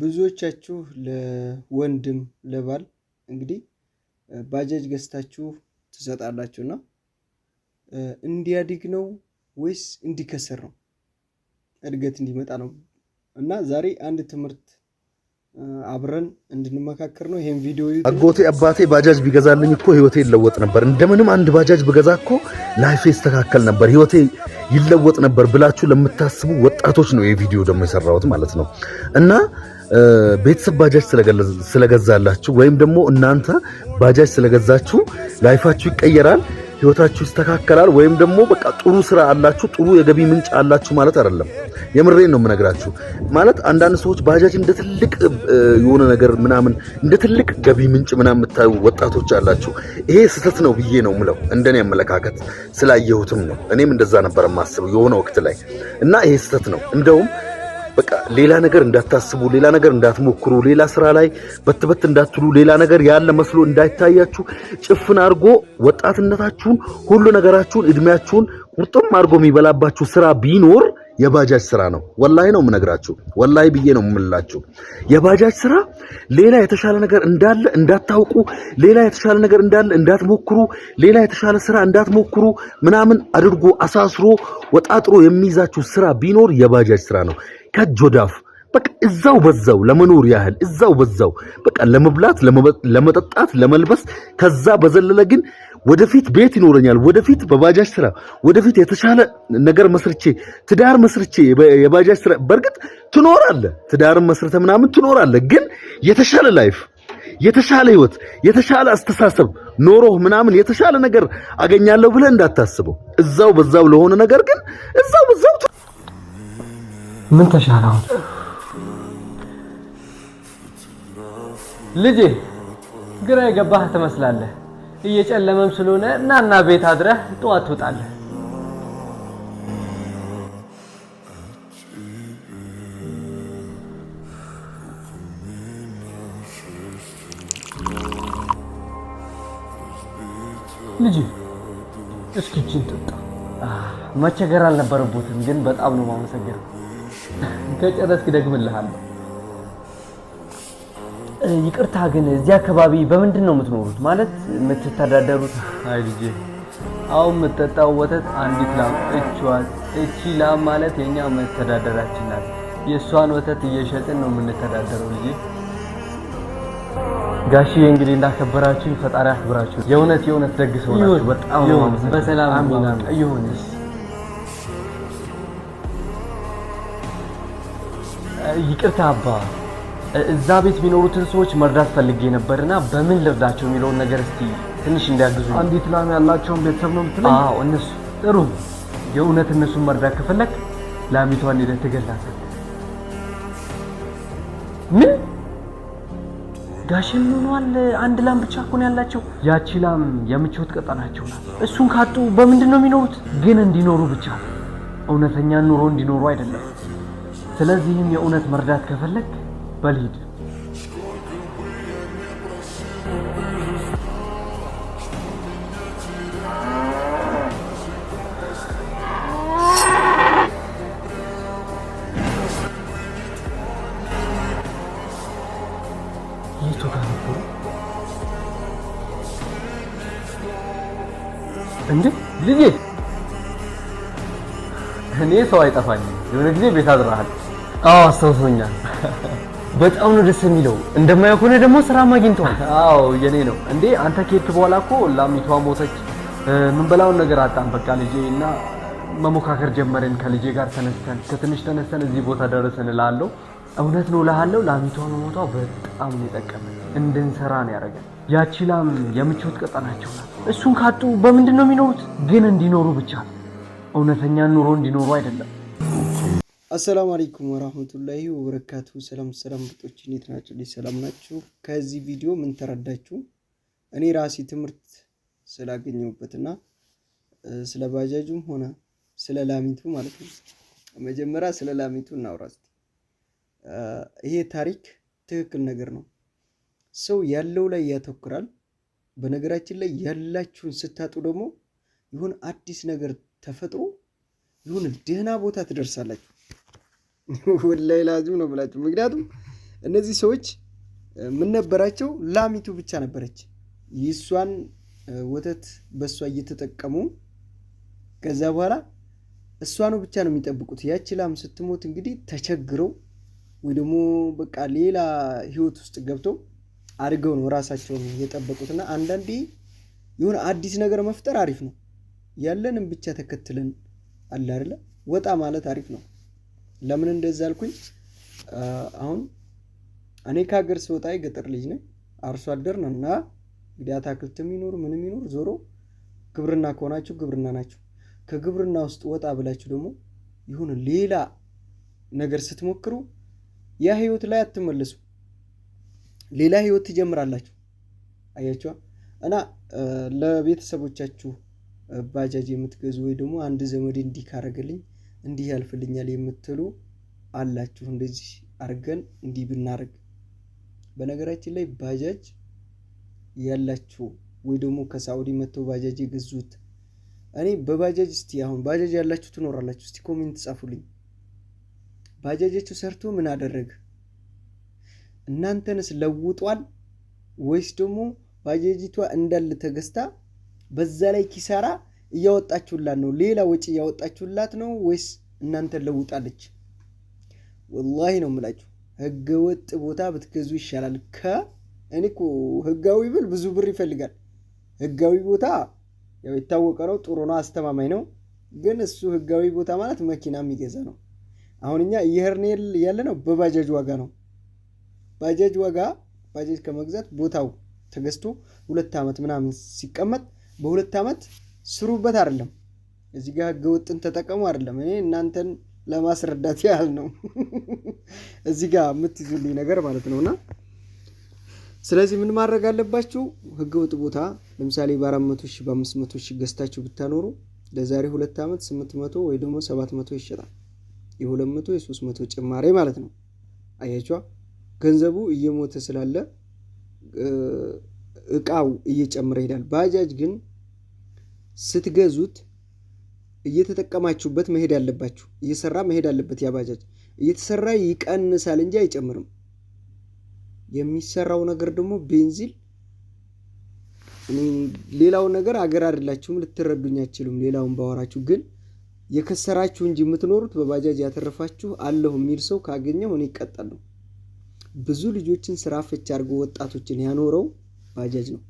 ብዙዎቻችሁ ለወንድም ለባል እንግዲህ ባጃጅ ገዝታችሁ ትሰጣላችሁ እና እንዲያድግ ነው ወይስ እንዲከስር ነው? እድገት እንዲመጣ ነው። እና ዛሬ አንድ ትምህርት አብረን እንድንመካከር ነው። ይሄን ቪዲዮ አጎቴ አባቴ ባጃጅ ቢገዛልኝ እኮ ህይወቴ ይለወጥ ነበር፣ እንደምንም አንድ ባጃጅ ብገዛ እኮ ላይፌ ይስተካከል ነበር፣ ህይወቴ ይለወጥ ነበር ብላችሁ ለምታስቡ ወጣቶች ነው ይሄ ቪዲዮ ደግሞ የሰራሁት ማለት ነው። እና ቤተሰብ ባጃጅ ስለገዛላችሁ ወይም ደግሞ እናንተ ባጃጅ ስለገዛችሁ ላይፋችሁ ይቀየራል ህይወታችሁ ይስተካከላል ወይም ደግሞ በቃ ጥሩ ስራ አላችሁ፣ ጥሩ የገቢ ምንጭ አላችሁ ማለት አይደለም። የምሬን ነው የምነግራችሁ። ማለት አንዳንድ ሰዎች ባጃጅ እንደ ትልቅ የሆነ ነገር ምናምን እንደ ትልቅ ገቢ ምንጭ ምናምን የምታዩ ወጣቶች አላችሁ። ይሄ ስህተት ነው ብዬ ነው ምለው፣ እንደኔ አመለካከት ስላየሁትም ነው። እኔም እንደዛ ነበር የማስበው የሆነ ወቅት ላይ እና ይሄ ስህተት ነው እንደውም በቃ ሌላ ነገር እንዳታስቡ፣ ሌላ ነገር እንዳትሞክሩ፣ ሌላ ስራ ላይ በትበት እንዳትሉ፣ ሌላ ነገር ያለ መስሎ እንዳይታያችሁ ጭፍን አድርጎ ወጣትነታችሁን፣ ሁሉ ነገራችሁን፣ እድሜያችሁን ቁርጥም አድርጎ የሚበላባችሁ ስራ ቢኖር የባጃጅ ስራ ነው። ወላሂ ነው የምነግራችሁ፣ ወላሂ ብዬ ነው የምላችሁ። የባጃጅ ስራ ሌላ የተሻለ ነገር እንዳለ እንዳታውቁ፣ ሌላ የተሻለ ነገር እንዳለ እንዳትሞክሩ፣ ሌላ የተሻለ ስራ እንዳትሞክሩ ምናምን አድርጎ አሳስሮ ወጣጥሮ የሚይዛችሁ ስራ ቢኖር የባጃጅ ስራ ነው። ከእጅ ወዳፍ በቃ እዛው በዛው ለመኖር ያህል እዛው በዛው በቃ ለመብላት፣ ለመጠጣት፣ ለመልበስ ከዛ በዘለለ ግን ወደፊት ቤት ይኖረኛል፣ ወደፊት በባጃጅ ስራ፣ ወደፊት የተሻለ ነገር መስርቼ ትዳር መስርቼ የባጃጅ ስራ። በእርግጥ ትኖራለ፣ ትዳርን መስርተ ምናምን ትኖራለ። ግን የተሻለ ላይፍ፣ የተሻለ ህይወት፣ የተሻለ አስተሳሰብ ኖሮህ ምናምን የተሻለ ነገር አገኛለሁ ብለህ እንዳታስበው። እዛው በዛው ለሆነ ነገር ግን እዛው በዛው ምን ተሻለ? አሁን ልጄ ግራ የገባህ ትመስላለህ። እየጨለመም ስለሆነ እናና ቤት አድረህ ጠዋት ትውጣለህ። ልጅ እስኪ እችን መቸገር አልነበረቦትም፣ ግን በጣም ነው የማመሰግነው። ከጨረስክ ደግምልሃለሁ። ይቅርታ ግን እዚህ አካባቢ በምንድን ነው የምትኖሩት? ማለት የምትተዳደሩት? አይ ልጄ፣ አሁን የምትጠጣው ወተት አንዲት ላም እችዋት። እቺ ላም ማለት የኛ መተዳደራችን ናት። የእሷን ወተት እየሸጥን ነው የምንተዳደረው ልጄ። ጋሺ እንግዲህ እንዳከበራችሁ ፈጣሪ አክብራችሁ፣ የእውነት የእውነት ደግሰውናችሁ በጣም ነው። በሰላም ይሁን። ይቅርታ አባ፣ እዛ ቤት የሚኖሩትን ሰዎች መርዳት ፈልጌ ነበርና በምን ልርዳቸው የሚለውን ነገር እስቲ ትንሽ እንዲያግዙ። አንዲት ላም ያላቸውን ቤተሰብ ነው ምትለ? አዎ እነሱ። ጥሩ። የእውነት እነሱን መርዳት ከፈለግ ላሚቷን ሄደህ ትገላታለህ። ምን ጋሽን ሆኗል? አንድ ላም ብቻ እኮ ነው ያላቸው። ያቺ ላም የምቾት ቀጠናቸው ናት። እሱን ካጡ በምንድን ነው የሚኖሩት? ግን እንዲኖሩ ብቻ እውነተኛ ኑሮ እንዲኖሩ አይደለም ስለዚህም የእውነት መርዳት ከፈለግ በልሂድ እንዴ ልጄ እኔ ሰው አይጠፋኝም። የሆነ ጊዜ ቤት አድራሃል። አዎ አስታውሶኛል። በጣም ነው ደስ የሚለው። እንደማየው ከሆነ ደግሞ ስራ አግኝተዋል። አዎ የኔ ነው እንዴ። አንተ ከየት በኋላ እኮ ላሚቷ ሞተች። ምን በላውን ነገር አጣን። በቃ ልጄ እና መሞካከር ጀመረን ከልጄ ጋር ተነስተን ከትንሽ ተነስተን እዚህ ቦታ ደረሰን እላለሁ። እውነት ነው እልሃለሁ። ላሚቷ መሞቷ በጣም ነው የጠቀመን፣ እንድንሰራ ነው ያደረገን። ያቺ ላም የምቾት ቀጠናቸው ናት። እሱን ካጡ በምንድን ነው የሚኖሩት? ግን እንዲኖሩ ብቻ እውነተኛን ኑሮ እንዲኖሩ አይደለም አሰላሙ አለይኩም ወራህመቱላሂ ወበረካቱ። ሰላም ሰላም ብጦች እንዴት ናቸው? ልጅ ሰላም ናቸው። ከዚህ ቪዲዮ ምን ተረዳችሁ? እኔ ራሴ ትምህርት ስላገኘሁበትና ስለ ባጃጁም ሆነ ስለ ላሚቱ ማለት ነው። መጀመሪያ ስለ ላሚቱ እናውራ። ይሄ ታሪክ ትክክል ነገር ነው። ሰው ያለው ላይ ያተኩራል። በነገራችን ላይ ያላችሁን ስታጡ ደግሞ ይሁን አዲስ ነገር ተፈጥሮ ይሁን ደህና ቦታ ትደርሳላችሁ። ወላሂ ላዚም ነው ብላችሁ ምክንያቱም እነዚህ ሰዎች ምን ነበራቸው? ላሚቱ ብቻ ነበረች። ይሷን ወተት በእሷ እየተጠቀሙ ከዛ በኋላ እሷኑ ብቻ ነው የሚጠብቁት። ያቺ ላም ስትሞት እንግዲህ ተቸግረው ወይ ደግሞ በቃ ሌላ ህይወት ውስጥ ገብተው አድገው ነው ራሳቸውን የጠበቁትና አንዳንዴ የሆነ አዲስ ነገር መፍጠር አሪፍ ነው። ያለንም ብቻ ተከትለን አለ አይደለ ወጣ ማለት አሪፍ ነው። ለምን እንደዛ አልኩኝ? አሁን እኔ ከሀገር ስወጣ የገጠር ልጅ ነኝ፣ አርሶ አደር ነው። እና እንግዲህ አታክልትም ይኖር ምንም ይኖር ዞሮ ግብርና ከሆናችሁ ግብርና ናችሁ። ከግብርና ውስጥ ወጣ ብላችሁ ደግሞ ይሁን ሌላ ነገር ስትሞክሩ ያ ህይወት ላይ አትመለሱ፣ ሌላ ህይወት ትጀምራላችሁ። አያችኋ እና ለቤተሰቦቻችሁ ባጃጅ የምትገዙ ወይ ደግሞ አንድ ዘመድ እንዲህ ካረገልኝ እንዲህ ያልፍልኛል የምትሉ አላችሁ። እንደዚህ አድርገን እንዲህ ብናደርግ። በነገራችን ላይ ባጃጅ ያላችሁ ወይ ደግሞ ከሳዑዲ መጥተው ባጃጅ የገዙት እኔ በባጃጅ እስቲ አሁን ባጃጅ ያላችሁ ትኖራላችሁ፣ እስቲ ኮሜንት ጻፉልኝ። ባጃጃችሁ ሰርቶ ምን አደረገ? እናንተንስ ለውጧል ወይስ ደግሞ ባጃጅቷ እንዳለ ተገዝታ በዛ ላይ ኪሳራ እያወጣችሁላት ነው? ሌላ ወጪ እያወጣችሁላት ነው ወይስ እናንተ ለውጣለች? ወላሂ ነው የምላችሁ። ህገ ወጥ ቦታ ብትገዙ ይሻላል። እኔ እኮ ህጋዊ ብል ብዙ ብር ይፈልጋል። ህጋዊ ቦታ ያው የታወቀ ነው፣ ጥሩ ነው፣ አስተማማኝ ነው። ግን እሱ ህጋዊ ቦታ ማለት መኪና የሚገዛ ነው። አሁን እኛ እየሄድን ያለ ነው በባጃጅ ዋጋ ነው። ባጃጅ ዋጋ ባጃጅ ከመግዛት ቦታው ተገዝቶ ሁለት ዓመት ምናምን ሲቀመጥ በሁለት ዓመት ስሩበት አይደለም። እዚህ ጋር ህገወጥን ተጠቀሙ አይደለም። እኔ እናንተን ለማስረዳት ያህል ነው እዚህ ጋር የምትይዙልኝ ነገር ማለት ነው። እና ስለዚህ ምን ማድረግ አለባችሁ? ህገወጥ ቦታ ለምሳሌ በአራት መቶ ሺህ በአምስት መቶ ሺህ ገዝታችሁ ብታኖሩ ለዛሬ ሁለት ዓመት ስምንት መቶ ወይ ደግሞ ሰባት መቶ ይሸጣል። የሁለት መቶ የሶስት መቶ ጭማሬ ማለት ነው። አያችኋ ገንዘቡ እየሞተ ስላለ እቃው እየጨመረ ይሄዳል። ባጃጅ ግን ስትገዙት እየተጠቀማችሁበት መሄድ አለባችሁ። እየሰራ መሄድ አለበት። ያ ባጃጅ እየተሰራ ይቀንሳል እንጂ አይጨምርም። የሚሰራው ነገር ደግሞ ቤንዚል ሌላው ነገር አገር አይደላችሁም፣ ልትረዱኝ አችሉም። ሌላውን ባወራችሁ ግን የከሰራችሁ እንጂ የምትኖሩት በባጃጅ ያተረፋችሁ አለሁ የሚል ሰው ሆነ ይቀጣል ነው። ብዙ ልጆችን ስራ ፈች አድርጎ ወጣቶችን ያኖረው ባጃጅ ነው።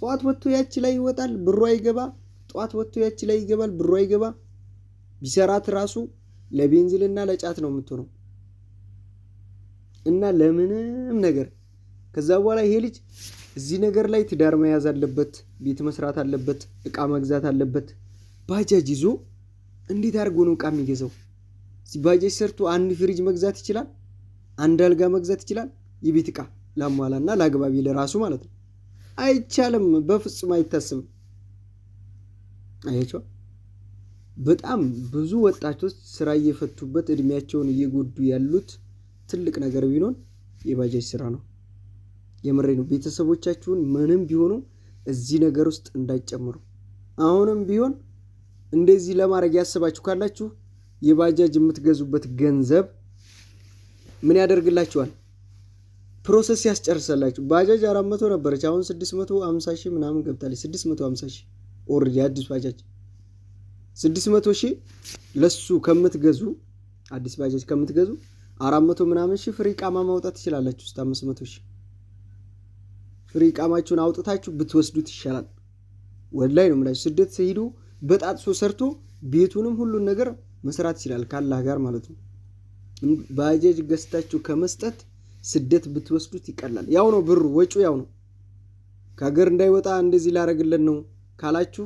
ጠዋት ወጥቶ ያቺ ላይ ይወጣል፣ ብሮ አይገባ። ጠዋት ወጥቶ ያቺ ላይ ይገባል፣ ብሯ አይገባ። ቢሰራት ራሱ ለቤንዚልና ለጫት ነው የምትሆነው እና ለምንም ነገር ከዛ በኋላ ይሄ ልጅ እዚህ ነገር ላይ ትዳር መያዝ አለበት፣ ቤት መስራት አለበት፣ እቃ መግዛት አለበት። ባጃጅ ይዞ እንዴት አድርጎ ነው እቃ የሚገዛው? ባጃጅ ሰርቶ አንድ ፍሪጅ መግዛት ይችላል፣ አንድ አልጋ መግዛት ይችላል። የቤት እቃ ላሟላ ለአግባቢ ለራሱ ማለት ነው። አይቻልም፣ በፍጹም አይታሰብም አያቸው በጣም ብዙ ወጣቶች ስራ እየፈቱበት እድሜያቸውን እየጎዱ ያሉት ትልቅ ነገር ቢኖር የባጃጅ ስራ ነው። የምሬ ነው። ቤተሰቦቻችሁን ምንም ቢሆኑ እዚህ ነገር ውስጥ እንዳይጨምሩ። አሁንም ቢሆን እንደዚህ ለማድረግ ያስባችሁ ካላችሁ የባጃጅ የምትገዙበት ገንዘብ ምን ያደርግላችኋል? ፕሮሰስ ያስጨርሰላችሁ። ባጃጅ አራት መቶ ነበረች፣ አሁን ስድስት መቶ ሀምሳ ሺህ ምናምን ገብታለች። ስድስት መቶ ሀምሳ ሺህ ኦልሬዲ አዲስ ባጃጅ ስድስት መቶ ሺህ ለሱ ከምትገዙ አዲስ ባጃጅ ከምትገዙ አራት መቶ ምናምን ሺህ ፍሪ ቃማ ማውጣት ትችላላችሁ። ስ አምስት መቶ ሺህ ፍሪ ቃማችሁን አውጥታችሁ ብትወስዱት ይሻላል። ወደ ላይ ነው ምላችሁ። ስደት ሲሄዱ በጣጥሶ ሰርቶ ቤቱንም ሁሉን ነገር መስራት ይችላል፣ ካላህ ጋር ማለት ነው። ባጃጅ ገዝታችሁ ከመስጠት ስደት ብትወስዱት ይቀላል። ያው ነው ብሩ፣ ወጪው ያው ነው። ከሀገር እንዳይወጣ እንደዚህ ላረግለን ነው ካላችሁ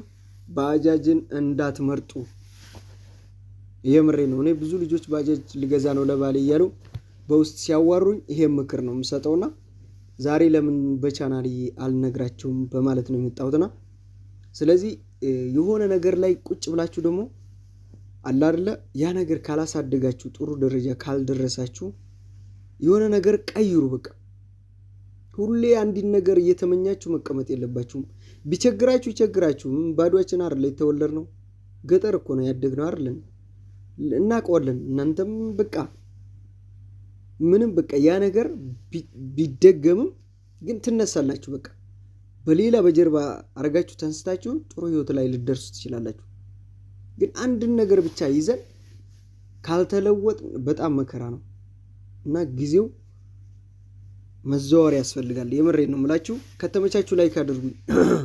ባጃጅን እንዳትመርጡ። ይሄ ምሬ ነው። እኔ ብዙ ልጆች ባጃጅ ልገዛ ነው ለባሌ እያሉ በውስጥ ሲያዋሩኝ ይሄ ምክር ነው የምሰጠውና ዛሬ ለምን በቻናል አልነግራቸውም በማለት ነው የመጣሁትና ስለዚህ የሆነ ነገር ላይ ቁጭ ብላችሁ ደግሞ አላደለ ያ ነገር ካላሳደጋችሁ ጥሩ ደረጃ ካልደረሳችሁ የሆነ ነገር ቀይሩ። በቃ ሁሌ አንድን ነገር እየተመኛችሁ መቀመጥ የለባችሁም። ቢቸግራችሁ ይቸግራችሁም። ባዷችን አይደለ ነው ገጠር እኮ ነው ነው አይደለን? እናውቀዋለን። እናንተም በቃ ምንም በቃ ያ ነገር ቢደገምም ግን ትነሳላችሁ። በቃ በሌላ በጀርባ አረጋችሁ ተንስታችሁ ጥሩ ህይወት ላይ ልደርሱ ትችላላችሁ። ግን አንድን ነገር ብቻ ይዘን ካልተለወጥ በጣም መከራ ነው። እና ጊዜው መዘዋወር ያስፈልጋል። የምሬን ነው የምላችሁ። ከተመቻችሁ ላይክ አድርጉኝ።